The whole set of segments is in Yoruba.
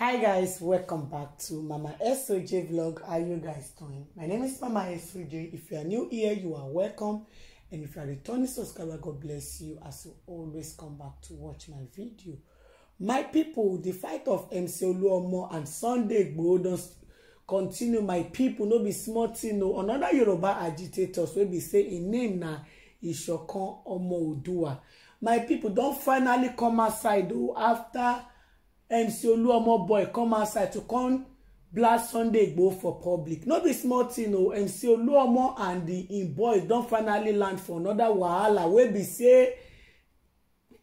hi guys welcome back to mama soj vlog how you guys doing my name is mama soj if you are new here you are welcome and if you are returning subscriber god bless you as you always come back to watch my video my people the fight of mc oluomo and sunday igboho continue my people no be small thing o another yoruba agitators wey be say im name na isokan omo Odua. my people don't finally come outside o oh, after mc oluomoboy come outside to come blast sunday igboho for public no be small thing, o oh. mc oluomo and im boys don finally land for another wahala wey be say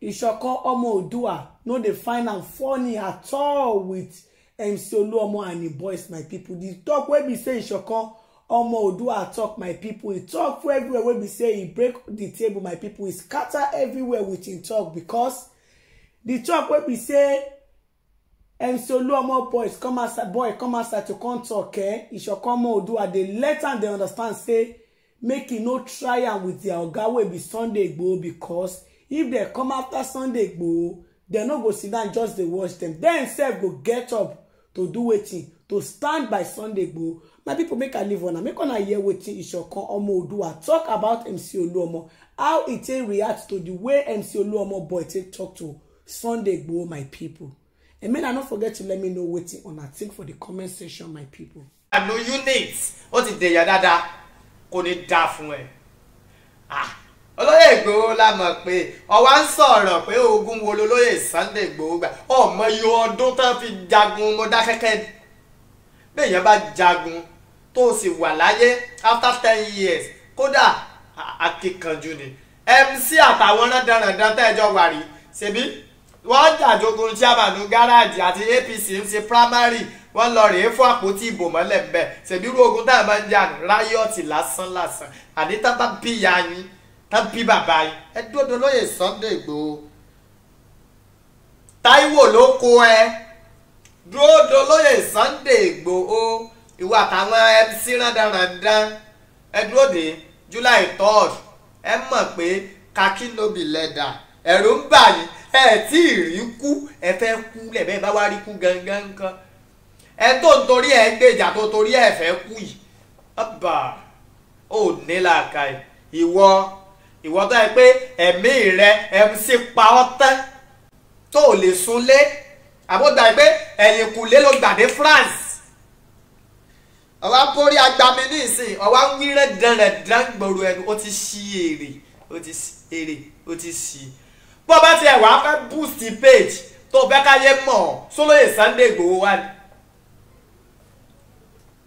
isokan omo odua no dey find am funny at all with mc oluomo and im boys my people. The talk wey be say isokan omo odua talk my people. He talk for everywhere wey be say he break the table my people. He scatter everywhere with im talk because the talk wey be say MC Oluomo boys come outside, boy come outside to come talk. Eh? Ishokomo Odua, they let am they understand say make you no try am with their oga wey be Sunday Igboho because if they come after Sunday Igboho, they no go sit down just dey watch them. Then sef go get up to do wetin to stand by Sunday Igboho. My people make I leave una make una hear wetin Ishokan Omo Odua talk about MC Oluomo, how e take react to the way MC Oluomo boy take talk to Sunday Igboho my people. And may I not forget to let me know waiting on a thing for the comment section, my people. I know unit. Ó ti dé ya dáadáa. Kò ní dá fún ẹ. Ah. Olóyè Ìgbòho la mọ̀ pé ọwá ń sọ̀rọ̀ pé ogun wo lolóyè go Ìgbòho gbà ọmọ iye ọdún tán fi jagun Mọdákẹ́kẹ́ béèyàn bá jagun tó sì wà láyé after ten years kódà akíkanjú ni MC àtàwọn rádaràdá tẹ́jọ́ wà rí ṣebí wọ́n jàjogun chairman gáràjì àti apc ń ṣe primary wọ́n lọ rèé fún àpótí ìbò mọ́lẹ̀ ńbẹ́ ṣèbírú ogun tá a máa ń jà ní ráyọ̀tì lásán lásán àní tá bá bí ya yín tá bí bàbá yín ẹ dúró lóye Sunday Igboho Táíwò ló kó ẹ dúró lóye Sunday Igboho ìwà àtàwọn MC rádaràdán ẹ dúró dé July 3rd ẹ mọ̀ pé kakinobi lẹ́dà ẹ̀rù ń bà yín ẹ tí ì rí kú ẹ fẹ́ kú lẹ́bẹ̀ bá wá rí kú gangan kan ẹ tó ń torí ẹ gbèjà tó torí ẹ fẹ́ kú yìí ọba ò ní làákà ìwọ ìwọ tó yẹ pé ẹ̀mí rẹ mc pa ọ́ tán tó o lè súnlé àbódà yìí pé ẹ̀yìn kùlé ló gbàdé France ọwá borí agbami ní ìsìn ọwá ń wí rẹ̀ dán rẹ̀ dán gbòòrò ẹnu ó ti ṣí èrè ó ti ṣí èrè ó ti ṣí bó o bá tiẹ̀ wá fẹ́ boost page tó o fẹ́ káyé mọ̀ ọ́ sólóyè Sunday Igboho wà ní.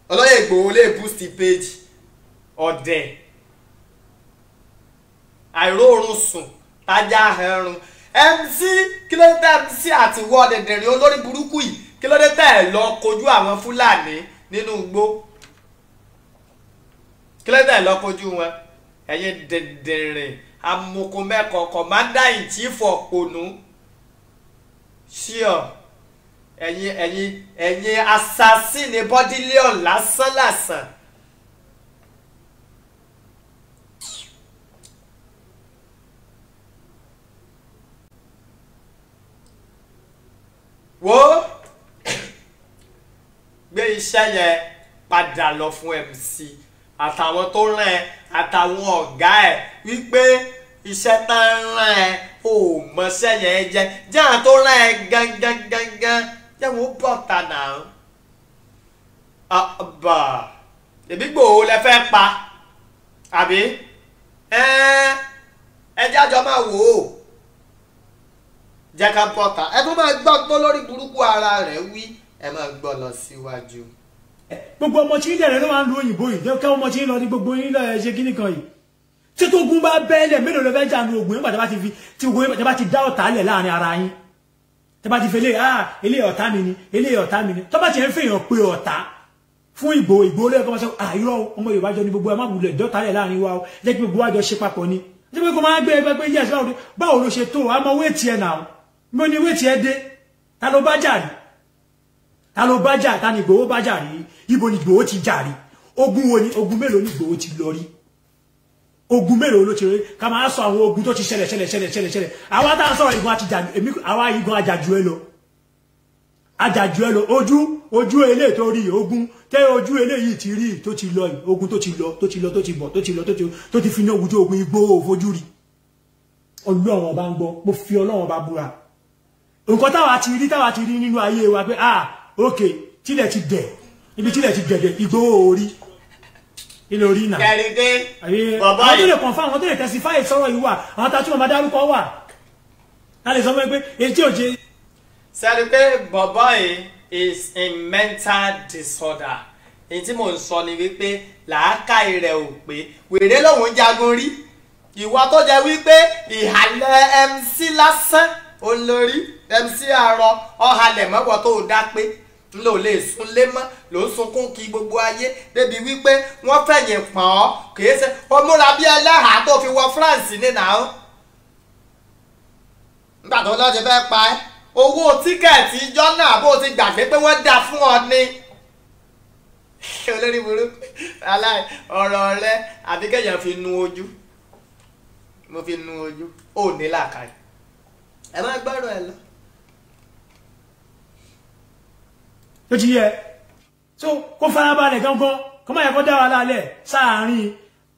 olóyè Igboho lè boost page ọ̀dẹ̀ àìróorun sùn tájà ẹrun MC kí ló dé tẹ́ MC àti wọ́ dẹ̀dẹ̀rẹ̀ olórí burúkú yìí kí ló dé tẹ́ ẹ̀ lọ kojú àwọn Fúlàní nínú igbó kí ló dé tẹ́ ẹ̀ lọ kojú wọn ẹ̀yin dẹ̀dẹ̀rẹ̀ amukumẹkọ commander in chief ọpọnu sure ẹ̀yin ẹ̀yin ẹ̀yin assassin bọdílíọn lásán lásán. wo gbé iṣẹ́ yẹn padà lọ fún MC àtàwọn tó rán ẹ àtàwọn ọ̀gá ẹ wípé iṣẹ́ tá ń rán ẹ ò mọṣẹ́ yẹn jẹ jẹ́ àwọn tó rán ẹ gangan gangan jẹ́ wọ́n bọ̀ ta náà. àbà èmi gbòòó lẹ fẹ́ pa àbí ẹ jájọ máa wò ó jẹ́ ká bọ̀ ta ẹ tún máa gbọ́ tó lórí burúkú ara rẹ̀ wí ẹ máa gbọ́ lọ síwájú. Si gbogbo ọmọ tí ń dẹ̀rẹ̀ ló máa ń lu òyìnbó yìí kẹ́ ọmọ tí ń lọ ní gbogbo yín lọ ṣe kíní kan yìí tí tó gún bá bẹ́ẹ̀lẹ̀ mélòó lọ fẹ́ jà nu ogun nígbà tí wọ́n bá ti dá ọ̀tá lẹ̀ láàrin ara yín tí ah, wọ́n bá ti fi eléyìí ah eléyìí ọ̀tá mi ni eléyìí ọ̀tá mi ni tó bá ti ń fèèyàn pé ọ̀tá fún ìbò ìgbò ah, olóyè ta ló bá jà rí ta ló bá jà ta ni Ìgbòho bá jà rí ibo ni Ìgbòho ti jàre ogun wo ni ogun mélòó ni Ìgbòho ti lọ rí ogun mélòó ló ti rí ká máa sọ àwọn ogun tó ti ṣẹlẹ̀ ṣẹlẹ̀ ṣẹlẹ̀ ṣẹlẹ̀ ṣẹlẹ̀ àwa tá à ń sọ̀rọ̀ ìgbọn àti èmi àwa ìgbọn àjàjù ẹ lọ àjàjù ẹ lọ ojú ojú eléyìí tó rí ogun tẹ ojú eléyìí ti rí tó ti lọ ogun tó ti lọ tó ti lọ tó ti bọ̀ tó ti lọ tó ti fi ní ogun ogun igbó òfojú rí Ọlọ́run ọba ń mo fi Ọlọ́run ọba búra nǹkan táwa ti rí táwa ti rí nínú ayé wa pé ah ok tílẹ̀ ti dẹ̀ ibi tí ilẹ̀ ti gẹ̀gẹ̀ igbó orí ilé orí nà. kẹrìndé bọ̀bọ̀ yìí. àwọn tó lè confirm àwọn tó lè testify sọ̀rọ̀ yìí wà àwọn tá a dárúkọ wà a lè sọ fún mi pé etí òjé. sẹ́ni bọ̀bọ̀ yìí is in mental disorder èyí tí mò ń sọ ni wípé làákàyè rẹ̀ ò pé wèrè lòun jagun rí ìwà tó jẹ́ wípé ìhàlẹ̀ mc lásán olórí mc àárọ̀ ọ̀hàlẹ̀ mọ́wọ́ tó dá pé ló lè súnlé mọ́ ló ń sunkún kí gbogbo ayé débi wípé wọ́n fẹ̀yìn pọ̀ ọ́ kìí ṣe ọmúra bí ẹlẹ́hàá tó fi wọ France nínà ó. nígbà tó lọ́ọ́ ti fẹ́ pa ẹ́ owó tíkẹ́ẹ̀tì ijọ́ náà bó ti gbàgbé pé wọ́n dá fún ọ ni. olórí burúkú aláì ọ̀rọ̀ rẹ àbí kẹ́yìn fi nu ojú mo fi nu ojú ò ní làákàyè ẹ má gbọ́rọ̀ ẹ lọ. ló ti yẹ so kó farabalẹ̀ gangan kó má yẹ kó dá wa lálẹ̀ sáàárín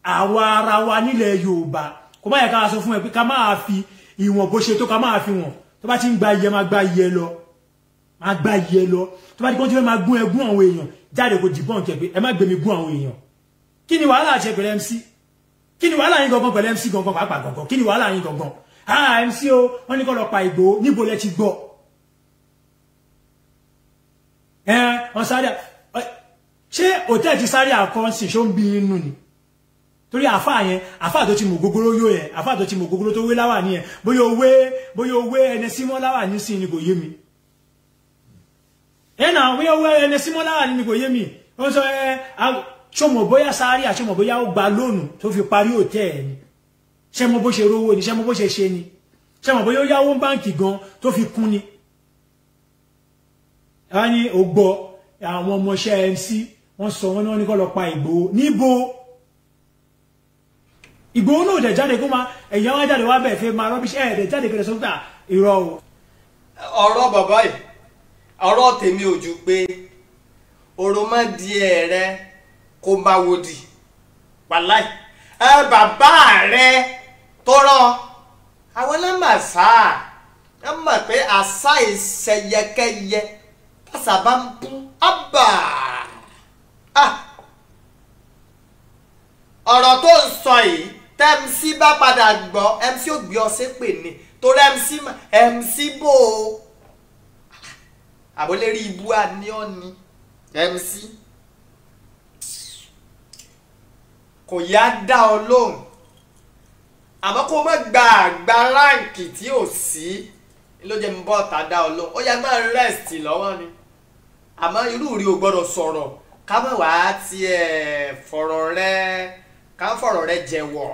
àwa ara wa nílẹ̀ Yorùbá kó má yẹ ká sọ fún ẹ pé ká máa fi ìwọ̀n bó ṣe tó ká máa fi wọ̀n tó bá ti ń gba iyẹ máa gba iyẹ lọ máa gba iyẹ lọ tó bá ti pọ́n ti fẹ́ máa gún ẹgún àwọn èèyàn jáde kò dìbọn kẹ̀pẹ́ ẹ má gbèmí gún àwọn èèyàn kí ni wàhálà àṣẹ pẹ̀lú MC kí ni wàhálà yín gangan pẹ̀lú MC gangan pàápàá gangan kí ni wàhálà yín gangan ah MC o wọ́n ní kó lọ pa Ìgbòho níbo lẹ ti gbọ́ ẹ wọn sáré ṣé hòtẹ́ẹ̀ ti sáré àkọ́ǹsì ṣó ń bí inú ni torí àfáà yẹn àfáà tó ti mọ̀ gógóró yó yẹn àfáà tó ti mọ̀ gógóró tó wé láwà ní yẹn bóyá owé bóyá owé ẹni símọ́ láwà ní sí ni kò yé mi ẹnà bóyá owé ẹni símọ́ láwà ní ni kò yé mi ó sọ ẹ ṣọmọ bóyá sáré àṣọmọ bóyá ó gba lóònù tó fi parí hòtẹ́ẹ̀ ni ṣé mo bó ṣe rówó ni ṣé mo bó ṣe ṣe ni ṣé mo bóyá ó yáwó báǹkì gan tó fi kún ni Ani ní ògbọ́ àwọn MC wọ́n sọ wọ́n ní wọ́n ní kó lọ pa Ìgbòho níbo Ìgbòho náà dẹ̀ jáde kó máa ẹ̀yàn wá jáde wá bẹ̀ fẹ́ máa rọ́bíṣẹ́ ẹ̀ dẹ̀ jáde kẹrẹ sọ́gbà irọ́ o. ọ̀rọ̀ bàbá yìí ọ̀rọ̀ tèmi ò ju pé òròmọdìẹ rẹ kò máa wòdì wàláì ẹ bàbá rẹ tọrọ àwọn ẹlẹ́mọ̀ sáà ẹ mọ̀ pé àṣà ìṣẹ̀yẹkẹyẹ asaba mpo ah ọ̀rọ̀ tó ń sọ yìí tẹ́ mc bá padà gbọ́ mc ò gbé ọsẹ́ pè ní torí mc mc bò ó àbólérí ibú àníọ́ni mc kò yá dá ọ lóhùn àmọ́ kó má gba àgbà ráǹkì tí ò sí ló jẹ́ mi dá ọ lóhùn ó yẹ máa rest lọ́wọ́ ni àmọ́ irú rí o gbọ́dọ̀ sọ̀rọ̀ ká má wàá tiẹ̀ fọ̀rọ̀ rẹ ká fọ̀rọ̀ rẹ jẹ̀wọ̀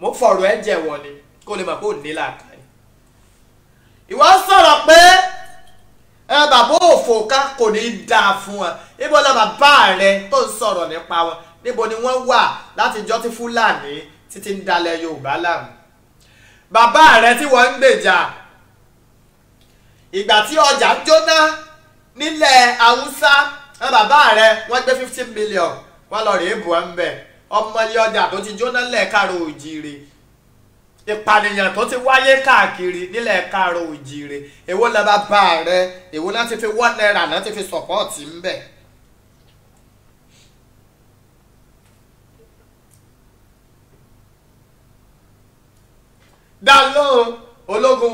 mo fọ̀rọ̀ ẹ jẹ̀wọ̀ ni kó lè mọ̀ pé ò ní làákà yìí. ìwọ sọ̀rọ̀ pé ẹ bàbá òfò ká kò ní í dáa fún wọn níbo la bàbá rẹ tó ń sọ̀rọ̀ nípa wọn níbo ni wọ́n wà látijọ́ tí fúlàní títí ń dalẹ̀ yorùbá láàmú. bàbá rẹ tí wọ́n ń gbèjà ìgbà tí ọjà ń jóná nílẹ̀ haúsá ẹ bàbá rẹ wọ́n gbé fifteen million wọ́n lọ rèé bù ẹ́ ń bẹ̀ ọjà tó ti jóná lẹ̀ káàró ojiri ìpànìyàn tó ti wáyé káàkiri nílẹ̀ káàró ojiri èwo lẹ bàbá rẹ èwo náà ti fi one naira náà ti fi sọ̀pọ́ọ̀tì ń bẹ̀. ológun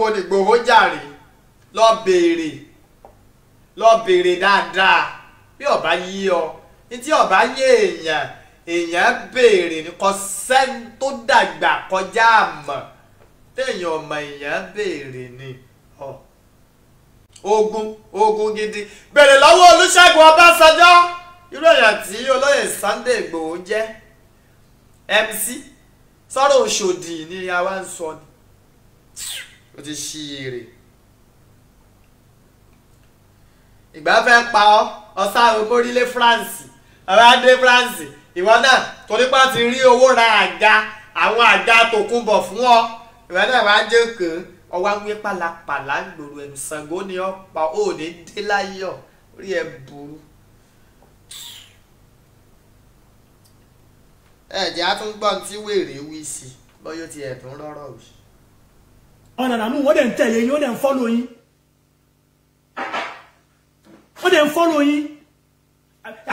lọ béèrè dáadáa bí ọba yí ọ ntí ọba yé èèyàn èèyàn béèrè ní kò sẹ́ni tó dàgbà kọjá àmọ̀ téèyàn ọmọ èèyàn béèrè ni ọ. ogun ogun gidi béèrè lọ́wọ́ Olúṣẹ́gun Ọbásanjọ́ irú èèyàn tí olóyè Sunday Ìgbòho jẹ́ MC sọ̀rọ̀ Ọ̀ṣọ́dì ni àwa ń sọ ni ó ti ṣí ire. ìgbà fẹ́ pa ọ́ ọ̀sáró mórílé France ọ̀rádé France ìwọ náà torí pa ti rí owó ra àga àwọn àga tó kún bọ̀ fún ọ ìwọ náà wàá jẹ́ kàn ọwọ́ awé pàlàpàlà gbòòrò ẹ̀mí Ṣàngó ni ọ pa ó ní dé láyọ̀ orí ẹ̀ burú. ẹ̀jẹ̀ á tún gbọ́n tí wèrè wí sí bọ́yọ̀ tiẹ̀ tún rọ́rọ̀ wí. ọ̀nà àmú wọ́n dẹ̀ ń tẹ̀lé yín wọ́n dẹ̀ ń fọ́lọ́ yín wọ́n dẹ̀ ń fọ́lọ́ yín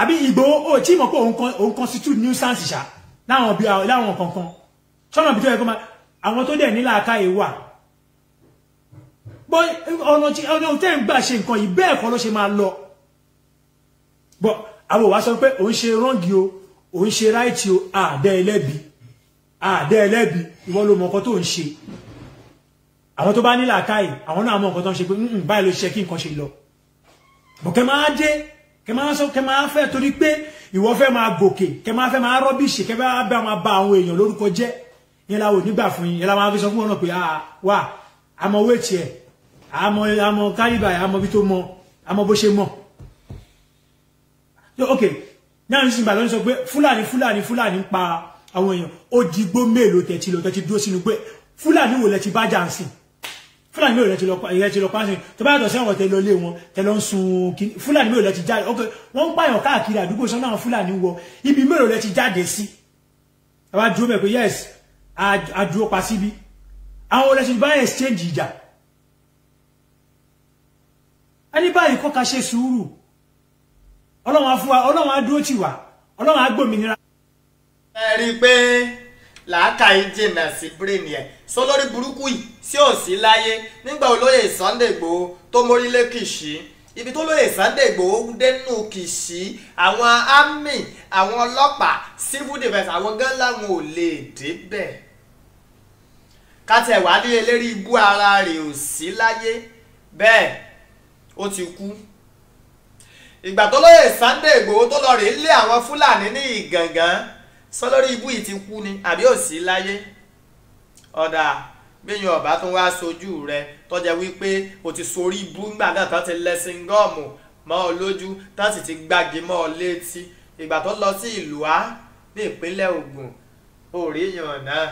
àbí Ìgbòho ó tí mọ̀ pé òun constitute nuisance ṣá láwọn bí láwọn kankan sọ́nà bí tó yẹ kó máa àwọn tó dẹ̀ nílà aká yìí wà bọ́ ọ̀nà tí ọ̀nà tẹ́ ń gbà ṣe nǹkan yìí bẹ́ẹ̀ kọ́ ló ṣe máa lọ bọ́ àwọn òwà sọ pé òun ṣe rọ́ǹgì o òun ṣe ráìtì o àdẹ́ ẹlẹ́bi àdẹ́ ẹlẹ́bi ìwọ ló mọ̀ nǹkan tó ń ṣe àwọn tó bá nílà aká yìí àwọn náà mọ̀ nǹkan tó ń ṣe pé báyìí ló ṣe kí nǹkan ṣe lọ bọ̀ kẹ máa jẹ́ kẹ máa sọ kẹ máa fẹ́ torí pé ìwọ fẹ́ máa gòkè kẹ máa fẹ́ máa rọ́bìṣì kẹ máa bá máa ba àwọn èèyàn lórúkọ jẹ́ yẹn la ò nígbà fún yín yẹn la máa fi sọ fún wọn náà pé ah wà àmọ́ wéètì ẹ̀ àmọ́ àmọ́ kálíbà àmọ́ bí tó mọ àmọ́ bó ṣe mọ̀ ok náà ní sinba lọ́nà sọ pé fúlàní fúlàní fúlàní ń pa àwọn èèyàn ó digbó mélòó tẹ̀ ti lọ tẹ̀ ti dúró sínú pé fúlàní wò lẹ ti bá jà fúlàní mi ò lẹ ti lọ pa ìyẹn ti lọ pa sí tó bá yàtọ̀ sí àwọn tẹ lọ lé wọn tẹ lọ ń sun kí fúlàní mi ò lẹ ti jáde ok wọ́n ń pààyàn káàkiri àdúgbò sọ́nà àwọn fúlàní wọ ibi mi ò ti jáde sí àwa dúró mẹ́ pé yes àdúró pa síbi àwọn olè ti bá exchange ìjà ẹni báyìí kọ́ ka ṣe sùúrù ọlọ́run á fún wa ọlọ́run á dúró tì wá ọlọ́run á gbòmìnira. ẹ rí i pé làákàyè jìnnà sí brain sí òsì láyé nígbà olóyè Sunday Igboho tó mórílé Kìṣí ibi tó lóyè Sunday Igboho dénú Kìṣí àwọn army àwọn ọlọ́pàá civil defence àwọn gan làwọn ò lè débẹ̀ kátẹ̀ wá ní eléré ibú ara rẹ̀ ò sí láyé bẹ́ẹ̀ ó ti kú ìgbà tó lóyè Sunday Igboho tó lọ rèé lé àwọn Fúlàní ní Ìgàngán sọ lórí ibú yìí ti kú ni àbí ò sí láyé ọ̀dà bẹ́yìn ọ̀bá tó wá sojú rẹ tọ́jà wípé o ti sorí ibú nígbà náà tó ti lẹ́sìn gọ́ọ̀mù mọ́ ọ lójú tó sì ti gbàgé mọ́ ọ létí ìgbà tó lọ sí ìlú á ní ìpínlẹ̀ Ògùn òríyàn náà.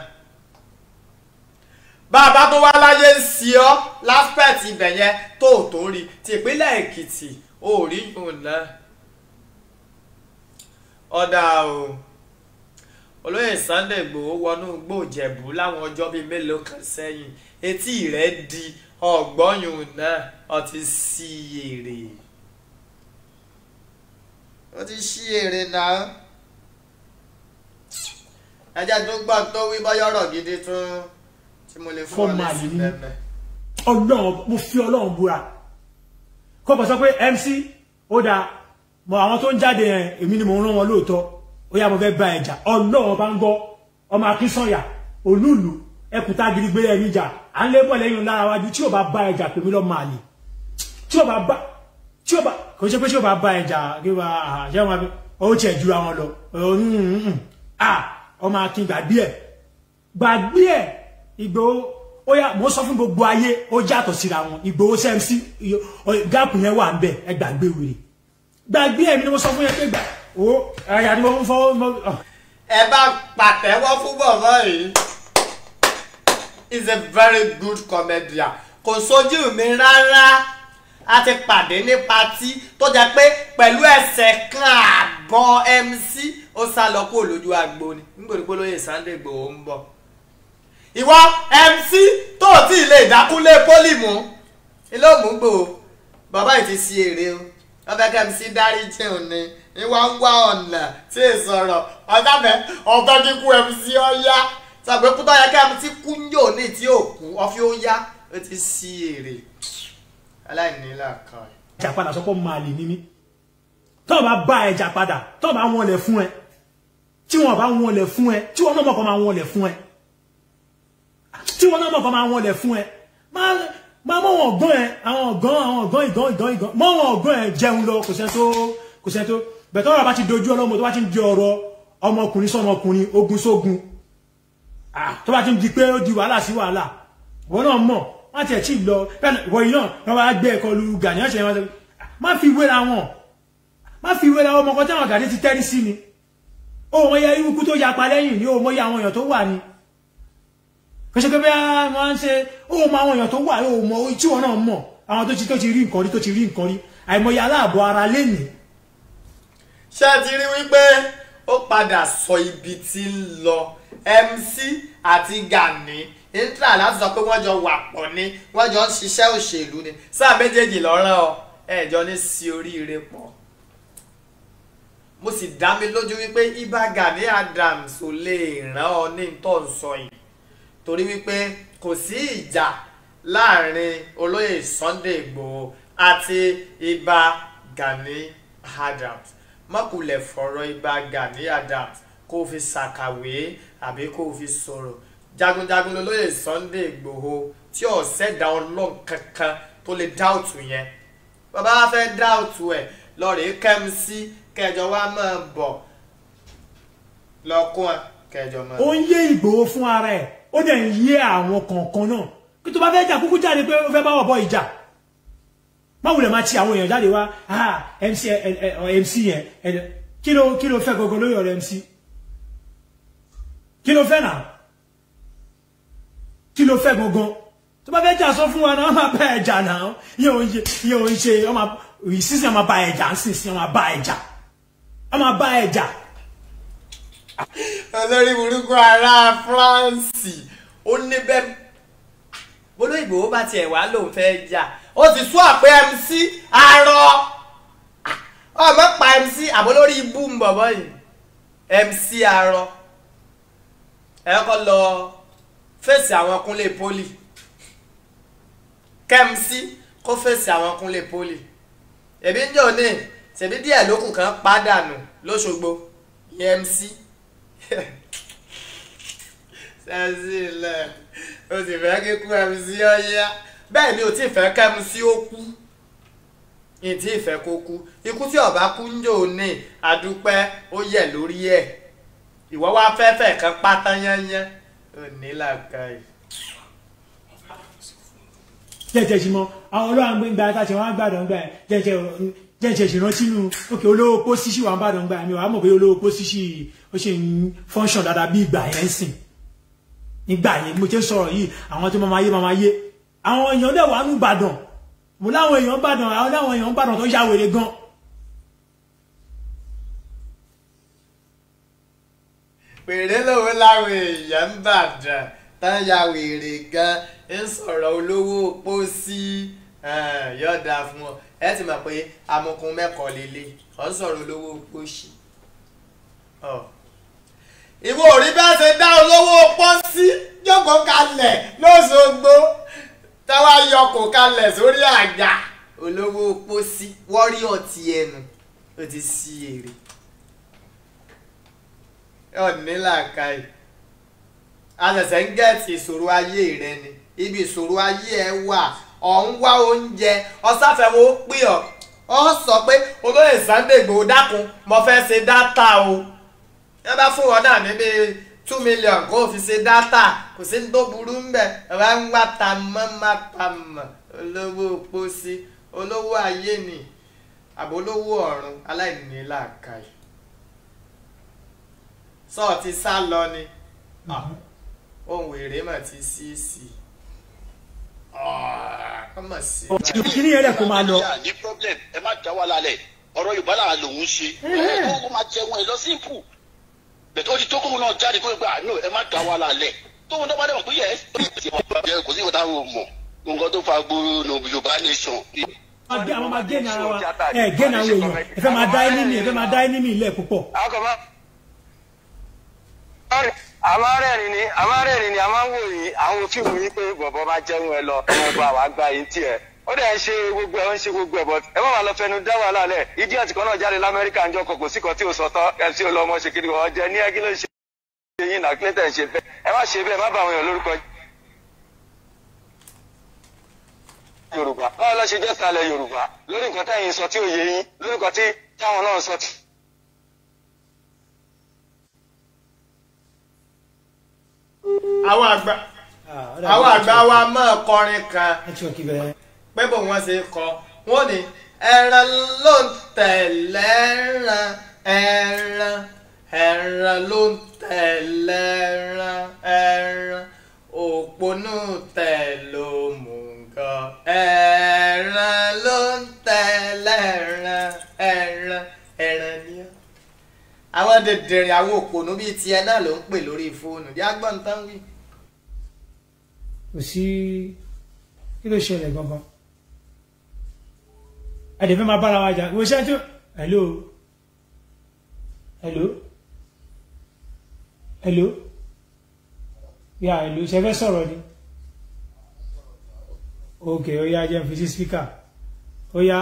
bàbá tó wá láyé ń sí ọ láspẹ̀t ibẹ̀ yẹn tó ò tó rí ti ìpínlẹ̀ Èkìtì òríyàn náà. ọ̀dà o olóyè Sunday Igboho wọnú gbòjẹ̀bù láwọn ọjọ́ bíi mélòó kan sẹ́yìn etí rẹ̀ di ọ̀gbọ́yùn náà ọtí sí èrè ó ti sí èrè náà ẹjẹ tó gbọ́ tó wí bọ́yọ̀rọ̀ gidi tún tí mo lè fún ọ lẹ́sìn lẹ́mẹ̀. ọlọ́run mo fi ọlọ́run búra kọ́pọ̀ sọ pé MC ó dáa mọ àwọn tó ń jáde yẹn èmi ni mo ń rán wọn lóòótọ́ Oya yá mo fẹ́ bá ẹ̀jà ọlọ́run bá ń gbọ́ ọmọ akínsọ̀yà olúùlù ẹkùtà gidigbe ẹni jà à ń lébọ̀ lẹ́yìn lára wájú tí ò bá bá ẹ̀jà pèmí lọ́ máa lè tí ò bá bá tí ò bá kò ṣe pé tí ò bá bá ẹ̀jà kí wà á ṣe wọn ó tiẹ̀ ju àwọn lọ hmm, hmm, hmm, ọmọ akin gbàgbé ẹ̀ gbàgbé ẹ̀ Ìgbòho ó yá mo sọ fún gbogbo ayé ó yàtọ̀ síra wọn Ìgbòho sẹ́ńsì gáàpù yẹn wà ń bẹ̀ ẹ gbàgbé wèrè gbàgbé ẹ̀ mi ni mo sọ fún yẹn pé gbàgbé wo ẹ̀yà ni mo ń fọwọ́ mo. Ah. ẹ bá pàtẹ́wọ́ fún bọ̀bọ̀ yìí is a very good comedian kò sójú mi rárá a ti pàdé ní patí tó jẹ́ pé pẹ̀lú ẹsẹ̀ kan àbọ̀ mc ó sá lọ kó lójú agbo ni nítorí pé lóye Sunday Igboho ń bọ̀ ìwọ mc tó o tí ì lè dákúnlé pólì mú ilé òmùgbò bàbá yìí ti ṣe èrè o wọn fẹ́ kẹ́ mc dárí jẹun ni ìwà ń wá ọ̀nà tí è sọ̀rọ̀ ọ̀dàbẹ̀ ọ̀bẹ kíkú mc ọ̀yá tàbí kú tó yẹ kí mc kú ń yò ní tí ò kú ọ̀fi ó yá ó ti sí èrè aláìníla kan. ẹja padà sọ pé màálì ni mí tó bá bá ẹja padà tó bá wọlé fún ẹ tí wọn bá wọlé fún ẹ tí wọn náà mọkàn máa wọlé fún ẹ tí wọn náà mọkàn máa wọlé fún ẹ máa mọ wọn ọgbọ́n ẹ àwọn ọgbọ́n àwọn ọgbọ́n ìgbọn ìgbọn mọ wọn ọgbọ́n ẹ jẹun lọ kò sẹ tó kò sẹ tó bẹ̀tọ́ ọ̀rọ̀ bá ti dojú ọlọ́mọ tó bá ti ń di ọ̀rọ̀ ọmọkùnrin sọmọkùnrin ogun sógun ah, tó bá ti ń di pé ó di wàhálà sí wàhálà wọn náà mọ̀ wọn ti ẹ̀ tí ì lọ wọ̀nyí náà wọn bá gbé ẹ̀kọ́ lu gàní ọ̀sẹ̀ wọn má fi wéra wọn má fi wéra ọmọ kan táwọn gàdé ti tẹ́rí sí ni ó mọ iye ikú tó yapa lẹ́yìn ni ó mọ iye àwọn èèyàn tó wà ni kò ṣe pé bí wọ́n ṣe ó mọ àwọn èèyàn tó wà ó mọ tí wọn náà mọ̀ àwọn tó ti rí nǹkan rí tó ti rí nǹkan rí àìmọye aláàbọ̀ ara lénìí ṣé ẹ ti rí wípé ó padà sọ ibi tí ń lọ MC àti Gani intra láti sọ pé wọ́n jọ wà pọ̀ ni wọ́n jọ ń ṣiṣẹ́ òṣèlú ni sáà méjèèjì lọ́rán ọ ẹ̀jọ ní sí oríire pọ̀ mo sì dá mi lójú wípé Ìbà Gani Adams ò lè ràn ọ ní tó yìí torí wípé kò sí ìjà láàrin olóyè Sunday Igboho àti Ìbà Gani Adams mọ́kulẹ̀ fọ̀rọ̀ ibà Gani adam kó o fi ṣàkàwé àbí kó fi sọ̀rọ̀ jagunjagun lolóyè Sunday Igboho tí ọ̀sẹ̀ dá ọlọ́run kankan tó lè dá òtù yẹn bàbá wa fẹ́ dá òtù ẹ̀ lọ́ọ̀rẹ́ kẹ́mi sí kẹjọ wa máa bọ̀ lọ́kùn ẹ̀ kẹjọ máa. ó ń yé Ìgbòho fún ara ẹ̀ ó dẹ̀ ń yé àwọn kọ̀ọ̀kan náà kí tó bá fẹ́ jà kúkú jáde pé ó fẹ́ bá wọ̀ bọ́ ìjà máa wulẹ̀ máa ti àwọn èèyàn jáde wá ah, mc mc yẹn kí ló kí ló fẹ́ gọgọ lórí ọ̀rọ̀ mc kí ló fẹ́ náà kí ló fẹ́ gọgọ tó bá fẹ́ jà sọ fún wa náà wọ́n máa bá ẹ̀jà náà yóò ń ṣe yóò ń ṣe ìsinsìn wọ́n máa bá ẹ̀jà ìsinsìn wọ́n máa bá ẹ̀jà wọ́n máa bá ẹ̀jà. olórí burúkú ará France ó ní bẹ́ẹ̀ bólóyìnbó bá tiẹ̀ wá lòun fẹ́ jà ó ti sún àpé mc arọ ọmọ pa mc àbólórí ibú ń bọ̀bọ̀ yìí mc arọ ẹ kọ́ lọ fèsì àwọn kúnlé poli kmc kó fèsì àwọn kúnlé poli èmi ń jò ní ṣèbí díẹ̀ lókù kan pàdánù lóṣogbo mc sẹ́sì lẹ̀ o sì fẹ́ kíkú mc ọ̀yá bẹ́ẹ̀ mi ò tí ì fẹ́ kẹ́mu sí ó kú ìdí ìfẹ́ kó kú ikú tí ọba kú ń jò ní àdúpẹ́ ó yẹ lórí ẹ̀ ìwọ́ wá fẹ́fẹ́ kan pátá yányán òní làkà yìí. jẹjẹ ṣì mọ àwọn ọlọ́run gbé gba táṣẹ wọn á gbà jẹjẹ jẹjẹ ṣèrántí nu òkè olówó pósíṣì wà ń gbà mi wà mọ̀ pé olówó pósíṣì ó ṣe ń fọ́nṣọ̀n dáadáa bí ìgbà yẹn ń sìn nígbà yẹn mo ṣe sọ̀rọ̀ yìí àwọn tó máa yé máa yé àwọn èèyàn dẹ̀ wà nù Ìbàdàn mo láwọn èèyàn Ìbàdàn àwọn láwọn èèyàn Ìbàdàn tó ya gan. wèrè lòun láwọn èèyàn bàdàn tó ya gan ń sọ̀rọ̀ olówó pósí yọ̀dà fún ọ ẹ ti mọ̀ pé amukun mẹ́kọ̀ọ́ lélẹ̀ ọ̀ ń sọ̀rọ̀ olówó pósí ìwọ ò bá ṣe dá olówó pọ́ńsí jókòó kalẹ̀ lóṣogbo táwa yọkọ̀ kalẹ̀ sórí àjà. olówó pósí wọ́ríọ̀ ti ẹnu ó ti sí èrè. ọ̀ní làkàì a ṣẹ̀ṣẹ̀ ń gẹ̀ẹ́tì ìṣòro ayé rẹ ni ibi ìṣòro ayé ẹ wà ọ̀ ń wá oúnjẹ ọ̀sáfẹ́wò pè ọ́ ọ sọ pé olóyè Sunday Igboho dákun mo fẹ́ ṣe dátà o ẹ bá fún ọ náà níbi two million kó o fi ṣe dátà kò sí ní tó burú ń bẹ̀ bàbá ń wá tamọ́ má tamọ́ olówó pósí olówó ayé ni àbò olówó ọ̀run aláìní làákàyè sọ ti sá lọ ni mhm. ohun wèrè mà ti sí sí ọmọ sí. kí ni ẹrẹ kó máa lọ. ní problem ẹ má já wa lálẹ́ ọ̀rọ̀ Yorùbá làwọn lòún ṣe eh, eh. ó máa jẹun ẹ lọ sí ìpù. bẹ̀tẹ̀ ó ti tó kóhun náà jáde kóhun pé àánú ẹ má dá wa lálẹ́ tó náà bá dẹ̀ pé yẹ ẹ́ kò sí ìwọ́ta wo mọ̀ nǹkan tó fa gbòòrò Yorùbá nation. àwọn máa gé ní ara wa ẹ gé ní àwọn èèyàn ẹ fẹ́ máa dá ẹ fẹ́ máa dá púpọ̀. ni ni a máa ń àwọn fíìmù yín pé bọ̀bọ̀ máa jẹun ẹ lọ ó dẹ̀ ń ṣe gbogbo ẹ̀ ó ń ṣe gbogbo ẹ̀ but ẹ má máa lọ fẹnu dá wàhálà lẹ̀ idiot kan náà jáde lamẹ́ríkà ń jọ kò kò sí kan tí ò sọ tán ẹ̀ tí ò lọ ọmọ ṣe kiri ọjọ́ ní ẹgí ló ń ṣe yín náà clinton ṣe bẹ́ẹ̀ ẹ má ṣe bẹ́ẹ̀ má bà àwọn èèyàn lórúkọ yorùbá báwo lọ ṣe jẹ́ sàlẹ̀ yorùbá lórí nǹkan táyìn sọ tí ò yé yín lórí nǹkan tí táwọn náà sọ tí àwọn àgbà ah, àwọn àgbà wa mọ̀ ọkọrin kan pé bò wọ́n ṣe kọ wọ́n ní ẹran ló ń tẹ̀lé ẹran ẹran ẹran ló ń tẹ̀lé ẹran ẹran òpónú tẹ̀lé òmùgọ̀ ẹran ló ń tẹ̀lé ẹran ẹran ẹran ni ó àwọn dèdèrè àwọn òpònú bíi tiẹ̀ náà ló ń pè lórí fóònù bí agbọ́n tán wí. kò sí kí ló ṣẹlẹ̀ gangan ẹ̀dẹ̀ fẹ́ máa bára wa jà wọ́n ṣáájú hello hello hello yà hello ṣe fẹ́ sọ̀rọ̀ ni ok ó yá jẹ́ fi sí spíkà ó yá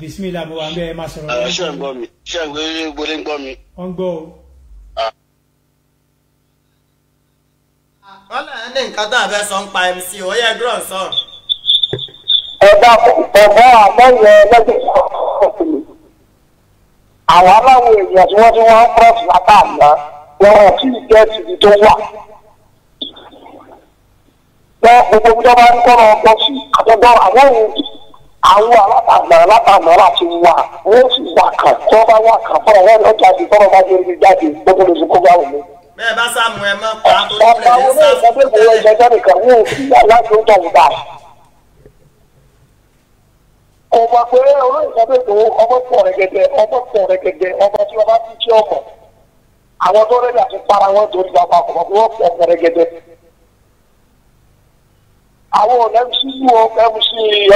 bisimilá mo wà ń bẹ́ ẹ máa sọ̀rọ̀ lẹ́yìn. ṣé ń gbọ́ mi ṣé ń gbọ́lé ń gbọ́ mi. wọ́n gbọ́ o. wọ́n lẹ́yìn ní nǹkan tó àfẹ́ sọ ń pa mc ó yẹ sọ̀rọ̀ bàbá àmọ́yẹ lọ́jọ́ àwọn aláwọ̀ èèyàn tí wọ́n ti wọ́n ń pọ̀ sí apá àná wọn ò tí ì jẹ́ tìbí tó wà. lọ gbogbo bí wọ́n bá ń kọ́ra ọkọ sí àtọ́gbọ́n àwọn òun àwọn alábàgbà alábàgbà láti wà wọ́n sì wà kàn tí wọ́n bá wà kàn fọ́nà wọ́n lọ jáde fọ́nà bá dé ibi jáde gbogbo lè kó bá wọn. bẹ́ẹ̀ bá sáà mú mọ́ pa tó ń ní sáà fún tẹ́lẹ̀ kò mọ̀ pé olóyè sábẹ́ tó ọmọ pọ̀ rẹ̀gẹ̀dẹ̀ ọmọ pọ̀ rẹ̀gẹ̀dẹ̀ ọmọ tí wọ́n bá fi jẹ́ ọmọ àwọn tó rẹ̀ láti para wọn torí bàbá kò mọ̀ pé wọ́n pọ̀ pọ̀ rẹ̀gẹ̀dẹ̀. àwọn ọ̀nà mc wo mc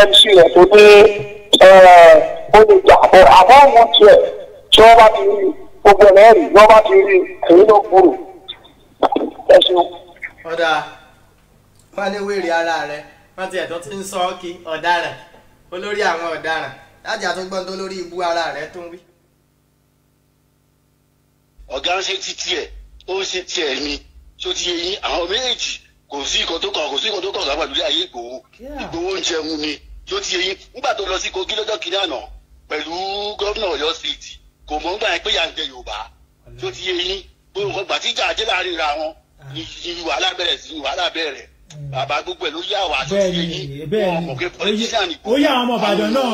mc rẹ̀ tó ní ó lè jà bọ̀ àmọ́ wọn tiẹ̀ tí wọ́n bá ti rí gbogbo ẹ̀rẹ́rì wọ́n bá ti rí èyí ló kúrò ẹ̀sìn. ọ̀dà wálé wèrè ara rẹ̀ wọ́n ti ẹ̀tọ́ ti ń sọ ọ́ kí ọ̀daràn olórí àwọn ọ̀daràn láti àtúngbọ́n tó lórí ibú ara rẹ̀ tó ń wí. ọ̀gá ń ṣe títí ẹ̀ ó ń ṣe tiẹ̀ mi tó ti yẹ yín àwọn méjèèjì kò sí ìkan tó kàn kò sí ìkan tó kàn lágbàdo ilé ayé ìgbòho ìgbòho ń jẹun ni tó ti yẹ yín nígbà tó lọ sí kogi lọ́jọ́ kìíní àná pẹ̀lú gómìnà ọ̀yọ́ state kò mọ̀ nígbà yẹn pé yà ń jẹ yorùbá tó ti yẹ yín gbogbo nǹkan gbàtíjà ajé láàrin ra wọn ah. ni wàhálà bẹ̀rẹ̀ sí wàhálà bẹ̀rẹ̀ bàbá gbogbo ẹ̀ ló yà wá tó fi yé wọn mọ̀ pé politician ni. ó yé àwọn ọmọ ìbàdàn náà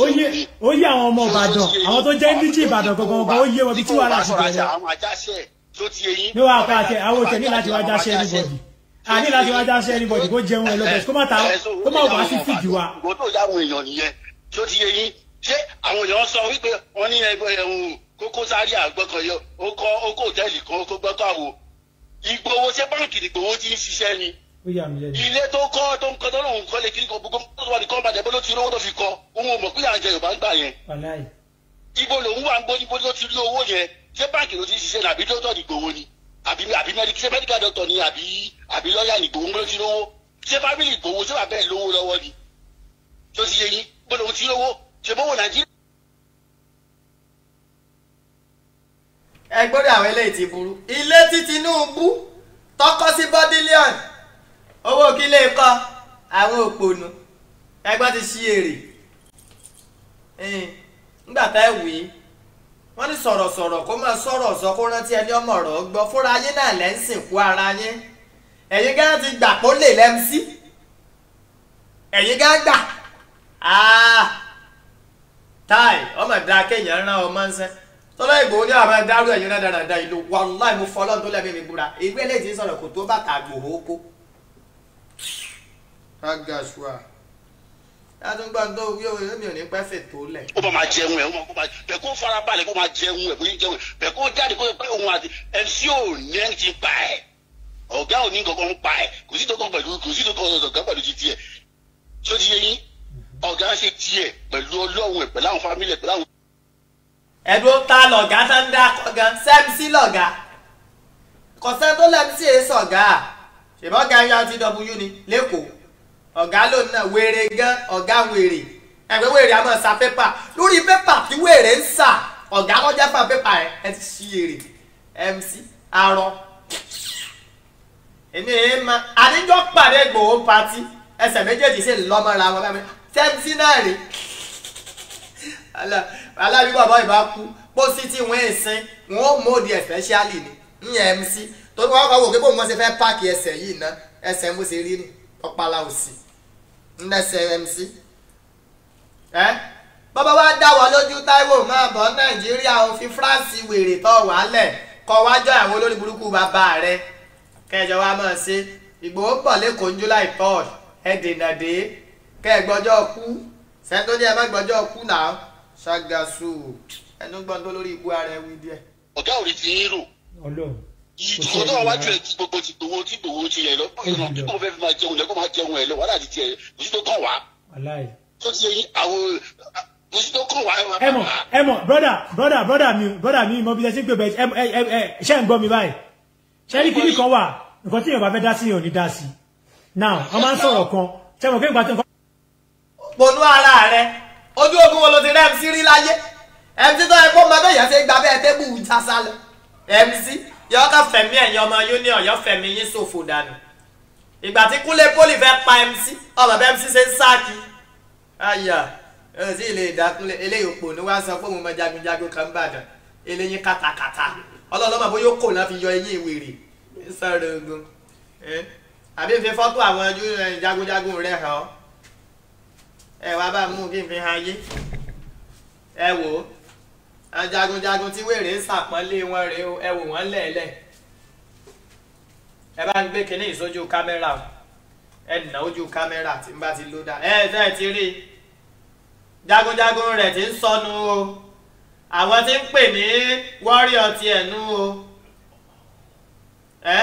ó yé ó yé àwọn ọmọ ìbàdàn àwọn tó jẹ́ níjì ìbàdàn gangan ó yé wọn bí tí wàhálà ti bẹ̀rẹ̀. ní wàá pa àtẹ àwọn òtẹ ní láti wá dáṣẹ́ níbọ̀dì àní láti wá dáṣẹ́ níbọ̀dì kó jẹun ẹ̀ lọ́bẹ̀ kó má ta kó má wàá sí fìdí wa. ìwọ tó yà àwọn èèyàn nìyẹn tó ti yé yín ṣé àwọn èèyàn sọ wípé wọn ní ẹgbẹ́ ẹ̀hún kókó sáré àgbọ̀kọ̀yọ ó kọ́ ó kó òtẹ́ẹ̀lì kan ó kó gbọ́kọ̀ ìgbowó ṣé báńkì ìgbowó ti ń ṣiṣẹ́ ni ilé tó kọ́ tó ń kọ́ tó lóun kọ́ lè kiri kan gbogbo tó wà ní kọ́ bàjẹ́ bó ló ti rówó tó fi kọ́ òun ò mọ̀ pé àjẹ Yorùbá ń gbà yẹn ibo lòun wà ń gbó ibo ló ti rí owó yẹn ṣé báńkì ló ti ṣiṣẹ́ ní àbí dókítà nìgbòho ni àbí àbí mẹ́díkà dókítà ni àbí àbí lọ́ọ̀yà nìgbòho ló ti rówó ṣé fámìlì ìgbòho ṣé bàbá ẹ̀ lówó lọ́wọ́ ni tó ti yẹ yín ibo lòun ti rówó ṣe bówó Nàìjíríà. ẹ gbọ́dọ̀ àwọn eléyìí ti burú ilé tí Tinubu tọkọ sí bọ́dílíọ̀nù owó kí lè àwọn òpònú ẹgbẹ́ ti ṣí èrè nígbà tá ẹ wí wọ́n ní sọ̀rọ̀sọ̀rọ̀ kó máa sọ̀rọ̀ sọ kó rántí ẹni ọmọ ọ̀rọ̀ gbọ́ fúnra yín náà lẹ́ ń sìnkú ara yín ẹ̀yin gán ti gbà kó lè sí ẹ̀yin gán gbà táì ọmọ ìdá kéèyàn rán ọmọ ń sẹ́ tọ́lá ìgbò ní àwọn ẹ̀dá rú ẹ̀yin dáradára ìlú wàláì mo tó mi búra ìgbélé ti sọ̀rọ̀ ká ga ṣùà yàtúngbà tó yóò yóò mi ò ní pẹ́ ó bá máa jẹun ẹ ó máa kó máa bẹ kó fara balẹ̀ kó máa jẹun ẹ kó ní jẹun ẹ bẹ kó jáde kó pé òun àti mc ò ní ẹni ti pa ẹ ọ̀gá ò ní kankan pa ẹ kò sí tó kàn pẹ̀lú kò sí tó kàn ọ̀gá pẹ̀lú ti tiẹ̀ tó ti yé yín ọ̀gá ṣe tiẹ̀ pẹ̀lú ọlọ́run ẹ̀ pẹ̀lú àwọn fámílì ẹ̀ pẹ̀lú àwọn. ẹ̀dùn ta lọ̀gá tó ń dá kọ̀gá sẹ́mísì lọ̀gá kọ̀sẹ́ tó lẹ́mísì ọ̀gá lòun náà wèrè gan ọ̀gá wèrè ẹ̀gbẹ́ wèrè a sa pépà lórí pépà tí wèrè ń sà ọ̀gá lọ́jà fà pépà ẹ̀ ẹ ti ṣí èrè MC arọ èmi ẹ̀ ma àdíjọ́ pàdé gbòó pati ẹsẹ̀ méjèèjì sì lọ́mọ́ra wọn bá mi tẹ́ǹtì náà rè alábí bàbá ìbá kú pósí tí wọ́n ẹ̀sìn wọ́n ó mòdì especially ni ń yẹ MC torí wọ́n kọ́ wò pé bóun wọ́n ṣe fẹ́ páàkì ẹsẹ̀ yìí ná ẹsẹ̀ mo ṣe rí nù. ọ̀pàlà òsì ńlẹ́sẹ̀ mc bọ́bá wá dá wa lójú taiwo máa bọ̀ Nàìjíríà òfin fi France wèrè tọ́ wàálẹ̀ kọ́ wájọ́ àwọn olórí burúkú bàbá rẹ̀ kẹjọ wa máa ṣe Ìgbòho pọ̀ lẹ́kọ̀ọ́ July third ẹ dènà kẹgbọ́jọ́ kú sẹ́ńtò ẹ̀ má gbọ́jọ́ kú náà ṣàgàṣù ẹnu ìṣòro tó wà wájú ẹ gbogbo ti gbowó ti gbowó ti yẹ lọ bí kò fẹ́ fi máa jẹun lẹ máa jẹun ẹ lọ wàhálà ti tiẹ oṣù kàn wá tó ti yẹ àwọn oṣù kàn wá. ẹ mọ̀ ẹ mọ̀ brọdà brọdà brọdà mi brọdà mi mo bí ẹ ti ń pè bẹ́ẹ̀ ẹ ẹ ẹ ṣe ń gbọ́ mi báyìí ṣe ní kíní kan wà nǹkan tí yorùbá fẹ́ dá sí yẹn ò ní dá sí now wọ́n máa ń sọ̀rọ̀ kan ṣe mọ̀ kéwìn pàtó. tó yẹ kó yọ kàn fẹ̀mí ẹ̀yin ọmọ union yọ fẹ̀mí yín ṣòfò dànù ìgbà tí kúnlé pólì fẹ́ pa mc ọmọ bẹ́ẹ̀ mc ṣe ń sáàkì àyà ẹ̀ sì lè dá kúnlé eléyìí òpò ní wá sọ pé òun mọ jagunjagun kan bàdàn eléyìí kàtàkàtà ọlọ́lọ́mọ bóyá ó kò náà fi yọ eyín ìwèrè ń sọ̀rọ̀ ogun àbí fi fọ́tò àwọn jagunjagun rẹ̀ hàn ẹ̀ wá bá mú kí n fi hàn yé ẹ wò ó jagunjagun tí wèrè ń sàpọ́nlé wọn rèé o ẹ wò wọ́n lẹ́ẹ̀lẹ́ ẹ bá ń gbé kinní ìsójú kámẹ́rà o ẹ nà ojú kámẹ́rà tí n bá ti ló dá ẹ fẹ́ ti rí jagunjagun rẹ̀ ti ń sọnù o àwọn tí ń pè ní wọ́ríọ̀ ti ẹ̀nu o ẹ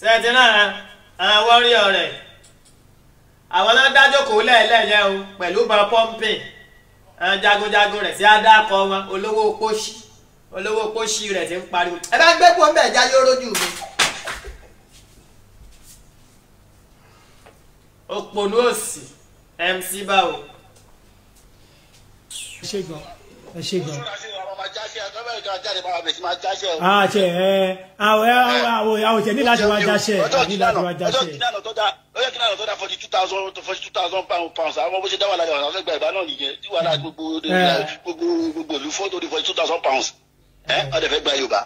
sẹ́ẹ̀tì náà àwọn wọ́ríọ̀ rẹ̀ àwọn náà dájọ́ kò lẹ́ẹ̀lẹ́ yẹn o pẹ̀lú bá pọ́ńpìn jagunjagun rẹ̀ sí adákọ wọn olówó pósí olówó pósí rẹ̀ ti ń pariwo ẹ bá gbé pọ́ńpìn ẹ̀já yóò rójú mi. òpònú òsì MC báwo. ṣé gan-an ẹ ṣe gan. àṣẹ ah, ẹ àwẹ àwẹ àwẹ tẹ ní láti wá jáṣẹ ní láti wá jáṣẹ. ọjọ́ ìdáná tó dá ọjọ́ ìdáná tó dá forty two thousand forty two thousand pound pounds àwọn bó ṣe dá wà láyọ̀ àwọn ọ̀sẹ̀gbà ìbá náà nìyẹn tí wàhálà gbogbo eh. gbogbo gbogbo olùfọ́ tó di forty two thousand pounds ẹ̀ ọ̀dẹ̀fẹ̀ gba Yorùbá.